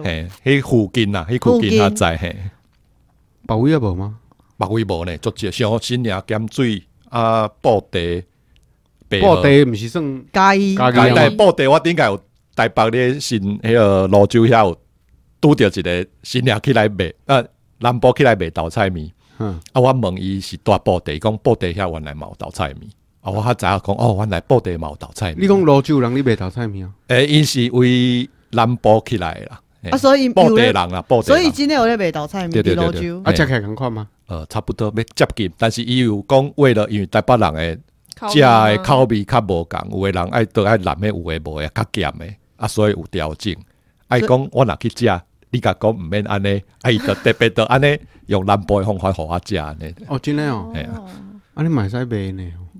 嘿，迄附近呐，迄附近啊，在遐。別、啊、位也無嗎？別位無呢，足濟像新營鹹水啊，布袋。布袋毋是算嘉義嘉義布袋，我頂、那個有在台北咧新迄個蘆洲遐有拄着一個新營起來賣啊，南部起來賣豆、嗯啊、豆菜米。啊，我問伊是大布袋，講布袋遐原來嘛有豆菜米。啊，我才知影啊，講哦，原來布袋嘛有豆菜米。你講蘆洲人你賣豆菜米啊？誒、欸，伊是為南部起來了。啊，所以有咧，所以真的有哋賣豆菜唔係攞酒，欸、啊食起來感覺嘛，呃，差不多要接近，但是伊有講為了因為台北人嘅食嘅口味較無共，有嘅人愛倒愛南邊，有嘅無嘅較鹹嘅，啊，所以有調整，伊講我若去食，你甲講毋免安尼哎，啊、伊就特別到安尼， 用南部的方法互我食安尼。哦，真的哦，啊、哦，啊，你買晒俾你。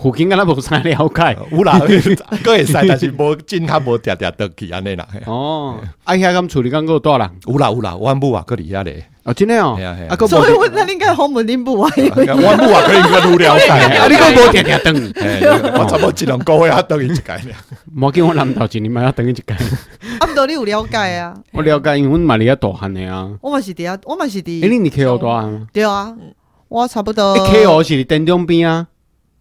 附近敢若無啥了解。有啦，閣會使，但是無真，較無定定倒去安尼啦。哦，阿遐咁處理咁有多人？有啦有啦，我唔啊，閣佇遐咧。哦，真誒哦、喔啊啊。所以，我那應該好問恁母啊？我唔啊， 啊還 啊可以搿了解。阿 你夠多定定我差不多一兩個月啊，等去一無冇叫我南投，要一年嘛，一等去一啊，毋多你有了解啊？我了解，因為阮嘛佇遐大漢誒啊。我嘛是佇遐，我嘛是第二。誒、欸，你 KO 大漢？對啊，我差不多。KO 是丁中邊啊。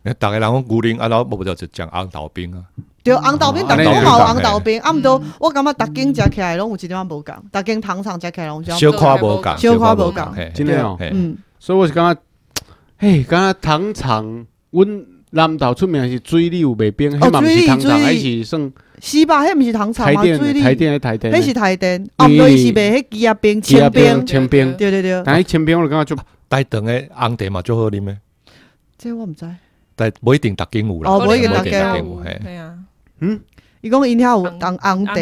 大個人講牛奶，阿后莫不就講紅豆冰啊？就紅豆冰，兵，嗯嗯、但講冇紅豆冰。阿唔多，我感覺逐間食起來攏有一點無共逐間。糖廠食起來攏小可無共，小可無共。真誒哦、喔，嗯。所以我是感覺，嘿，感覺糖廠，阮南投出名是水里有賣冰，迄、哦、冇是糖廠，還是算？是吧？迄毋是糖廠嘛？水里、是台電、台電，迄是台電。哦，對，是賣迄枝仔冰、清冰、清冰。對對對。但係清冰，我感覺就大長的紅茶嘛最好啉誒。這我唔知。唔一定特景舞哦，唔一定特景舞係。嗯，伊講依遐有紅紅地，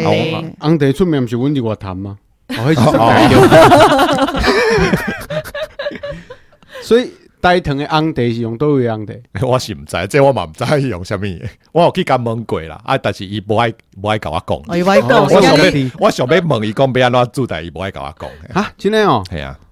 紅地、哦啊、出名毋是揾啲話談嗎？ 哦哦、 所以的是的，大糖嘅紅地是用叨位的紅地。我是毋知，即、這個、我毋知用咩嘢，我有去甲問過啦。啊，但是伊無愛無愛甲我講、哦哦。我以為、哦、我想要問佢講欲安怎煮，但係佢唔愛甲我講。啊，真係哦。係啊。